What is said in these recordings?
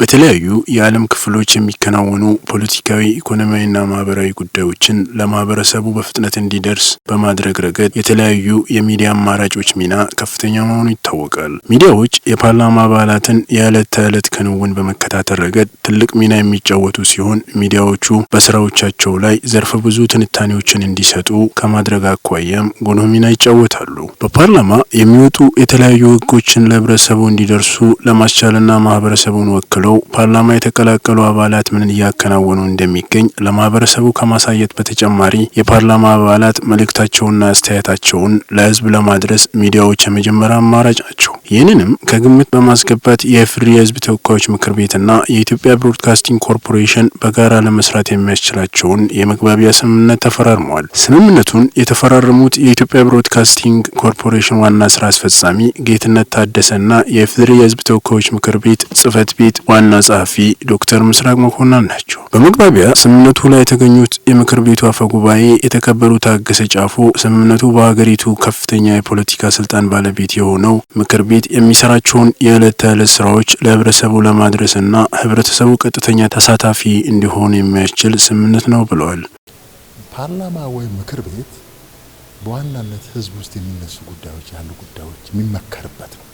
በተለያዩ የዓለም ክፍሎች የሚከናወኑ ፖለቲካዊ፣ ኢኮኖሚያዊና ማህበራዊ ጉዳዮችን ለማህበረሰቡ በፍጥነት እንዲደርስ በማድረግ ረገድ የተለያዩ የሚዲያ አማራጮች ሚና ከፍተኛ መሆኑ ይታወቃል። ሚዲያዎች የፓርላማ አባላትን የዕለት ተዕለት ክንውን በመከታተል ረገድ ትልቅ ሚና የሚጫወቱ ሲሆን ሚዲያዎቹ በስራዎቻቸው ላይ ዘርፈ ብዙ ትንታኔዎችን እንዲሰጡ ከማድረግ አኳያም ጎልህ ሚና ይጫወታሉ። በፓርላማ የሚወጡ የተለያዩ ህጎችን ለህብረተሰቡ እንዲደርሱ ለማስቻልና ማህበረሰቡን ወክሎ ሆነው ፓርላማ የተቀላቀሉ አባላት ምንን እያከናወኑ እንደሚገኝ ለማህበረሰቡ ከማሳየት በተጨማሪ የፓርላማ አባላት መልእክታቸውና አስተያየታቸውን ለህዝብ ለማድረስ ሚዲያዎች የመጀመሪያ አማራጭ ናቸው። ይህንንም ከግምት በማስገባት የኢፌዴሪ የህዝብ ተወካዮች ምክር ቤትና የኢትዮጵያ ብሮድካስቲንግ ኮርፖሬሽን በጋራ ለመስራት የሚያስችላቸውን የመግባቢያ ስምምነት ተፈራርመዋል። ስምምነቱን የተፈራረሙት የኢትዮጵያ ብሮድካስቲንግ ኮርፖሬሽን ዋና ስራ አስፈጻሚ ጌትነት ታደሰና የኢፌዴሪ የህዝብ ተወካዮች ምክር ቤት ጽህፈት ቤት ዋና ጸሐፊ ዶክተር ምስራቅ መኮንን ናቸው። በመግባቢያ ስምምነቱ ላይ የተገኙት የምክር ቤቱ አፈ ጉባኤ የተከበሩ ታገሰ ጫፎ ስምምነቱ በሀገሪቱ ከፍተኛ የፖለቲካ ስልጣን ባለቤት የሆነው ምክር ቤት የሚሰራቸውን የዕለት ተዕለት ስራዎች ለህብረተሰቡ ለማድረስና ህብረተሰቡ ቀጥተኛ ተሳታፊ እንዲሆን የሚያስችል ስምምነት ነው ብለዋል። ፓርላማ ወይም ምክር ቤት በዋናነት ህዝብ ውስጥ የሚነሱ ጉዳዮች ያሉ ጉዳዮች የሚመከርበት ነው።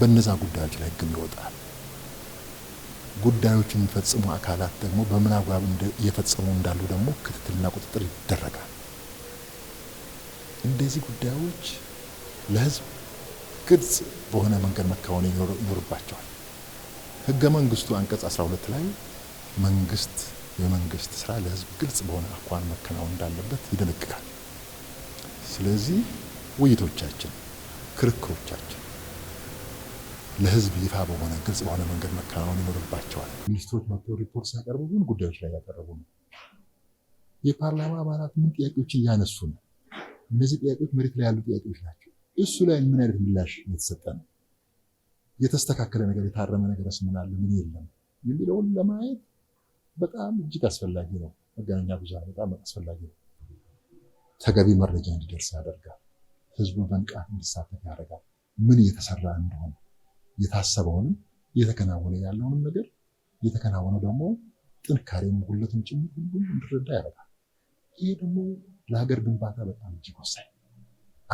በነዛ ጉዳዮች ላይ ህግም ይወጣል። ጉዳዮች የሚፈጽሙ አካላት ደግሞ በምን አግባብ እየፈጸሙ እንዳሉ ደግሞ ክትትልና ቁጥጥር ይደረጋል። እንደዚህ ጉዳዮች ለህዝብ ግልጽ በሆነ መንገድ መከወን ይኖርባቸዋል። ህገ መንግስቱ አንቀጽ 12 ላይ መንግስት የመንግስት ስራ ለህዝብ ግልጽ በሆነ አኳን መከናወን እንዳለበት ይደነግጋል። ስለዚህ ውይይቶቻችን፣ ክርክሮቻችን ለህዝብ ይፋ በሆነ ግልጽ በሆነ መንገድ መከናወን ይኖርባቸዋል። ሚኒስትሮች መጥተው ሪፖርት ሲያቀርቡ ግን ጉዳዮች ላይ ያቀረቡ ነው? የፓርላማ አባላት ምን ጥያቄዎችን እያነሱ ነው? እነዚህ ጥያቄዎች መሬት ላይ ያሉ ጥያቄዎች ናቸው። እሱ ላይ ምን አይነት ምላሽ የተሰጠ ነው? የተስተካከለ ነገር የታረመ ነገር ስምናለ ምን የለም የሚለውን ለማየት በጣም እጅግ አስፈላጊ ነው። መገናኛ ብዙሃን በጣም አስፈላጊ ነው። ተገቢ መረጃ እንዲደርስ ያደርጋል። ህዝቡ መንቃት እንዲሳተፍ ያደርጋል። ምን እየተሰራ እንደሆነ የታሰበውንም እየተከናወነ ያለውንም ነገር እየተከናወነ ደግሞ ጥንካሬውም ጉለቱን ጭምር ሁሉም እንዲረዳ ያደርጋል። ይሄ ደግሞ ለሀገር ግንባታ በጣም እጅግ ወሳኝ።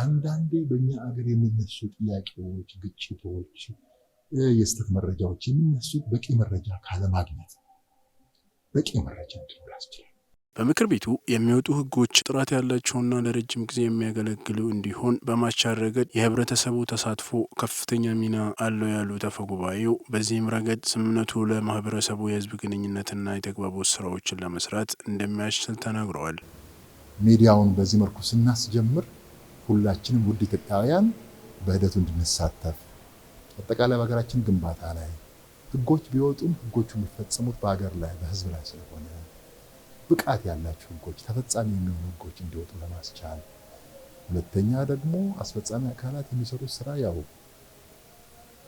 አንዳንዴ በእኛ ሀገር የሚነሱ ጥያቄዎች፣ ግጭቶች፣ የስህተት መረጃዎች የሚነሱት በቂ መረጃ ካለማግኘት በቂ መረጃ እንዲኖር ያስችላል። በምክር ቤቱ የሚወጡ ህጎች ጥራት ያላቸውና ለረጅም ጊዜ የሚያገለግሉ እንዲሆን በማስቻል ረገድ የህብረተሰቡ ተሳትፎ ከፍተኛ ሚና አለው ያሉት አፈ ጉባኤው፣ በዚህም ረገድ ስምምነቱ ለማህበረሰቡ የህዝብ ግንኙነትና የተግባቦት ስራዎችን ለመስራት እንደሚያስችል ተናግረዋል። ሚዲያውን በዚህ መልኩ ስናስጀምር ሁላችንም ውድ ኢትዮጵያውያን በሂደቱ እንድንሳተፍ አጠቃላይ በሀገራችን ግንባታ ላይ ህጎች ቢወጡም ህጎቹ የሚፈጸሙት በሀገር ላይ በህዝብ ላይ ስለሆነ ብቃት ያላቸው ህጎች ተፈጻሚ የሚሆኑ ህጎች እንዲወጡ ለማስቻል፣ ሁለተኛ ደግሞ አስፈጻሚ አካላት የሚሰሩት ስራ ያው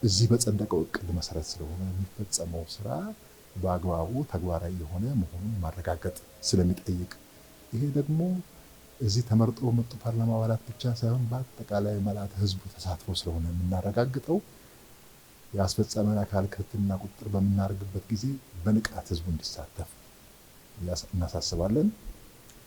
እዚህ በጸደቀው እቅድ መሰረት ስለሆነ የሚፈጸመው ስራ በአግባቡ ተግባራዊ የሆነ መሆኑን ማረጋገጥ ስለሚጠይቅ ይሄ ደግሞ እዚህ ተመርጦ መጡ ፓርላማ አባላት ብቻ ሳይሆን በአጠቃላይ መላት ህዝቡ ተሳትፎ ስለሆነ የምናረጋግጠው የአስፈጻሚ አካል ክትትልና ቁጥጥር በምናደርግበት ጊዜ በንቃት ህዝቡ እንዲሳተፍ እናሳስባለን፣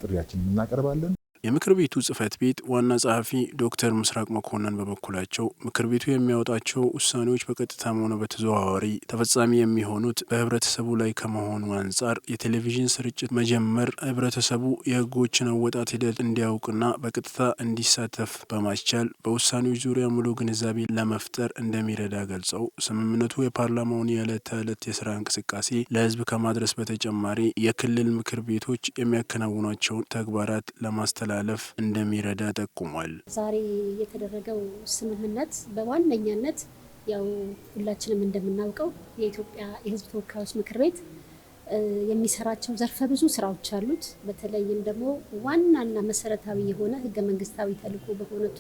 ጥሪያችንን እናቀርባለን። የምክር ቤቱ ጽህፈት ቤት ዋና ጸሐፊ ዶክተር ምስራቅ መኮንን በበኩላቸው ምክር ቤቱ የሚያወጣቸው ውሳኔዎች በቀጥታም ሆነ በተዘዋዋሪ ተፈጻሚ የሚሆኑት በህብረተሰቡ ላይ ከመሆኑ አንጻር የቴሌቪዥን ስርጭት መጀመር ህብረተሰቡ የህጎችን አወጣት ሂደት እንዲያውቅና በቀጥታ እንዲሳተፍ በማስቻል በውሳኔዎች ዙሪያ ሙሉ ግንዛቤ ለመፍጠር እንደሚረዳ ገልጸው ስምምነቱ የፓርላማውን የዕለት ተዕለት የስራ እንቅስቃሴ ለህዝብ ከማድረስ በተጨማሪ የክልል ምክር ቤቶች የሚያከናውኗቸውን ተግባራት ለማስተላ ለማስተላለፍ እንደሚረዳ ጠቁሟል። ዛሬ የተደረገው ስምምነት በዋነኛነት ያው ሁላችንም እንደምናውቀው የኢትዮጵያ የሕዝብ ተወካዮች ምክር ቤት የሚሰራቸው ዘርፈ ብዙ ስራዎች አሉት። በተለይም ደግሞ ዋናና መሰረታዊ የሆነ ህገ መንግስታዊ ተልዕኮ በሆኑት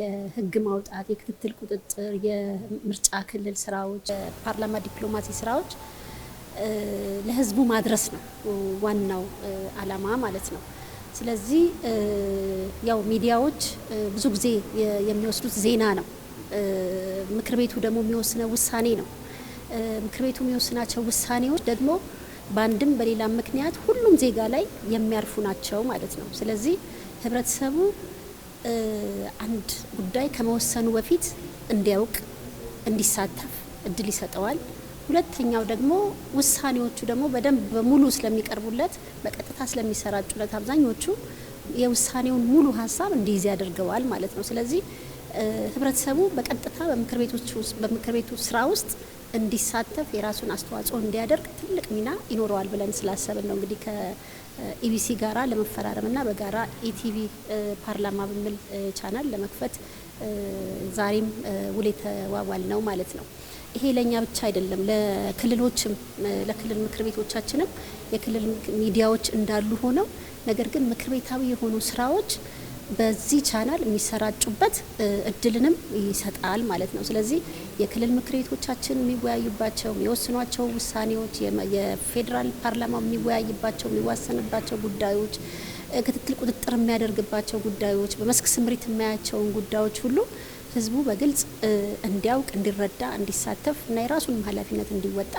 የህግ ማውጣት፣ የክትትል ቁጥጥር፣ የምርጫ ክልል ስራዎች፣ የፓርላማ ዲፕሎማሲ ስራዎች ለህዝቡ ማድረስ ነው ዋናው አላማ ማለት ነው። ስለዚህ ያው ሚዲያዎች ብዙ ጊዜ የሚወስዱት ዜና ነው። ምክር ቤቱ ደግሞ የሚወስነው ውሳኔ ነው። ምክር ቤቱ የሚወስናቸው ውሳኔዎች ደግሞ በአንድም በሌላ ምክንያት ሁሉም ዜጋ ላይ የሚያርፉ ናቸው ማለት ነው። ስለዚህ ህብረተሰቡ አንድ ጉዳይ ከመወሰኑ በፊት እንዲያውቅ፣ እንዲሳተፍ እድል ይሰጠዋል። ሁለተኛው ደግሞ ውሳኔዎቹ ደግሞ በደንብ በሙሉ ስለሚቀርቡለት በቀጥታ ስለሚሰራጩለት አብዛኞቹ የውሳኔውን ሙሉ ሀሳብ እንዲይዝ ያደርገዋል ማለት ነው። ስለዚህ ህብረተሰቡ በቀጥታ በምክር ቤቱ ስራ ውስጥ እንዲሳተፍ የራሱን አስተዋጽኦ እንዲያደርግ ትልቅ ሚና ይኖረዋል ብለን ስላሰብን ነው እንግዲህ ከኢቢሲ ጋራ ለመፈራረም ና በጋራ ኢቲቪ ፓርላማ በሚል ቻናል ለመክፈት ዛሬም ውል የተዋዋል ነው ማለት ነው። ይሄ ለእኛ ብቻ አይደለም፣ ለክልሎችም ለክልል ምክር ቤቶቻችንም የክልል ሚዲያዎች እንዳሉ ሆነው ነገር ግን ምክር ቤታዊ የሆኑ ስራዎች በዚህ ቻናል የሚሰራጩበት እድልንም ይሰጣል ማለት ነው። ስለዚህ የክልል ምክር ቤቶቻችን የሚወያዩባቸው የሚወስኗቸው ውሳኔዎች፣ የፌዴራል ፓርላማው የሚወያይባቸው የሚዋሰንባቸው ጉዳዮች፣ ክትትል ቁጥጥር የሚያደርግባቸው ጉዳዮች፣ በመስክ ስምሪት የማያቸውን ጉዳዮች ሁሉ ህዝቡ በግልጽ እንዲያውቅ፣ እንዲረዳ፣ እንዲሳተፍ እና የራሱንም ኃላፊነት እንዲወጣ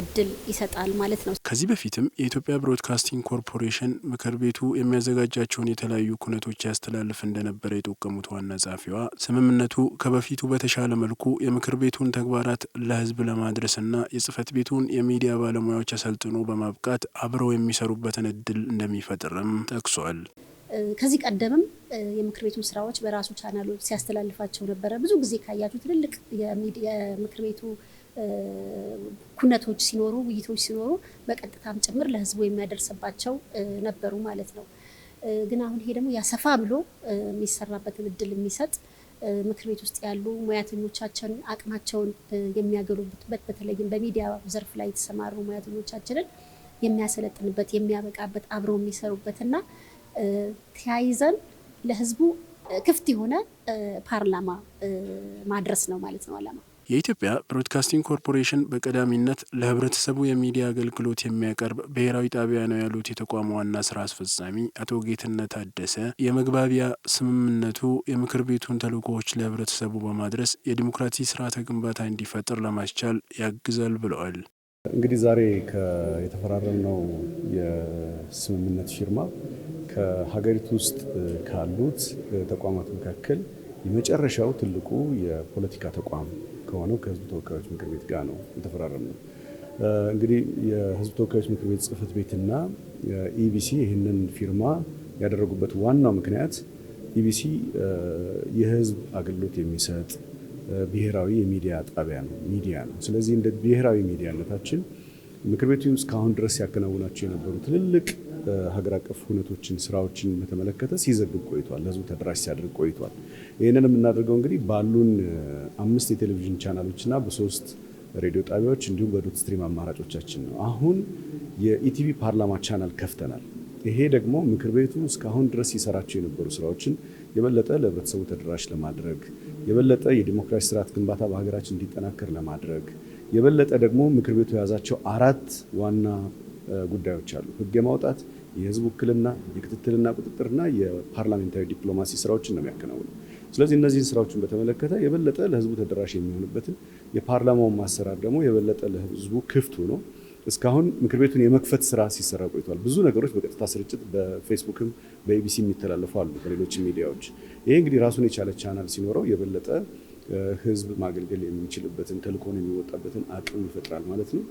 እድል ይሰጣል ማለት ነው። ከዚህ በፊትም የኢትዮጵያ ብሮድካስቲንግ ኮርፖሬሽን ምክር ቤቱ የሚያዘጋጃቸውን የተለያዩ ኩነቶች ያስተላልፍ እንደነበረ የጠቀሙት ዋና ጸሐፊዋ ስምምነቱ ከበፊቱ በተሻለ መልኩ የምክር ቤቱን ተግባራት ለህዝብ ለማድረስና የጽህፈት ቤቱን የሚዲያ ባለሙያዎች አሰልጥኖ በማብቃት አብረው የሚሰሩበትን እድል እንደሚፈጥርም ጠቅሷል። ከዚህ ቀደምም የምክር ቤቱን ስራዎች በራሱ ቻናሎች ሲያስተላልፋቸው ነበረ። ብዙ ጊዜ ካያችሁ ትልልቅ የምክር ቤቱ ኩነቶች ሲኖሩ፣ ውይይቶች ሲኖሩ በቀጥታም ጭምር ለህዝቡ የሚያደርስባቸው ነበሩ ማለት ነው። ግን አሁን ይሄ ደግሞ ያሰፋ ብሎ የሚሰራበትን እድል የሚሰጥ ምክር ቤት ውስጥ ያሉ ሙያተኞቻችን አቅማቸውን የሚያገሉበት በተለይም በሚዲያ ዘርፍ ላይ የተሰማሩ ሙያተኞቻችንን የሚያሰለጥንበት የሚያበቃበት አብረው የሚሰሩበት እና ተያይዘን ለህዝቡ ክፍት የሆነ ፓርላማ ማድረስ ነው ማለት ነው አላማ። የኢትዮጵያ ብሮድካስቲንግ ኮርፖሬሽን በቀዳሚነት ለህብረተሰቡ የሚዲያ አገልግሎት የሚያቀርብ ብሔራዊ ጣቢያ ነው ያሉት የተቋሙ ዋና ስራ አስፈጻሚ አቶ ጌትነት ታደሰ የመግባቢያ ስምምነቱ የምክር ቤቱን ተልዕኮዎች ለህብረተሰቡ በማድረስ የዲሞክራሲ ስርዓተ ግንባታ እንዲፈጠር ለማስቻል ያግዛል ብለዋል። እንግዲህ ዛሬ የተፈራረምነው የስምምነት ፊርማ ከሀገሪቱ ውስጥ ካሉት ተቋማት መካከል የመጨረሻው ትልቁ የፖለቲካ ተቋም ከሆነው ከህዝብ ተወካዮች ምክር ቤት ጋር ነው የተፈራረምነው። እንግዲህ የህዝብ ተወካዮች ምክር ቤት ጽህፈት ቤትና ኢቢሲ ይህንን ፊርማ ያደረጉበት ዋናው ምክንያት ኢቢሲ የህዝብ አገልግሎት የሚሰጥ ብሔራዊ የሚዲያ ጣቢያ ነው፣ ሚዲያ ነው። ስለዚህ እንደ ብሔራዊ ሚዲያነታችን ምክር ቤቱ እስካሁን ድረስ ያከናውናቸው የነበሩ ትልልቅ ሀገር አቀፍ ሁነቶችን፣ ስራዎችን በተመለከተ ሲዘግብ ቆይቷል። ለህዝቡ ተደራሽ ሲያደርግ ቆይቷል። ይህንን የምናደርገው እንግዲህ ባሉን አምስት የቴሌቪዥን ቻናሎችና በሶስት ሬዲዮ ጣቢያዎች እንዲሁም በዶት ስትሪም አማራጮቻችን ነው። አሁን የኢቲቪ ፓርላማ ቻናል ከፍተናል። ይሄ ደግሞ ምክር ቤቱ እስካሁን ድረስ ሲሰራቸው የነበሩ ስራዎችን የበለጠ ለህብረተሰቡ ተደራሽ ለማድረግ የበለጠ የዲሞክራሲ ስርዓት ግንባታ በሀገራችን እንዲጠናከር ለማድረግ የበለጠ ደግሞ ምክር ቤቱ የያዛቸው አራት ዋና ጉዳዮች አሉ። ህግ የማውጣት፣ የህዝብ ውክልና፣ የክትትልና ቁጥጥርና የፓርላሜንታዊ ዲፕሎማሲ ስራዎችን ነው የሚያከናውነው። ስለዚህ እነዚህን ስራዎችን በተመለከተ የበለጠ ለህዝቡ ተደራሽ የሚሆንበትን የፓርላማውን ማሰራር ደግሞ የበለጠ ለህዝቡ ክፍት ሆኖ እስካሁን ምክር ቤቱን የመክፈት ስራ ሲሰራ ቆይቷል። ብዙ ነገሮች በቀጥታ ስርጭት በፌስቡክም በኢቢሲ የሚተላለፉ አሉ፣ በሌሎች ሚዲያዎች። ይሄ እንግዲህ ራሱን የቻለ ቻናል ሲኖረው የበለጠ ህዝብ ማገልገል የሚችልበትን ተልእኮን የሚወጣበትን አቅም ይፈጥራል ማለት ነው።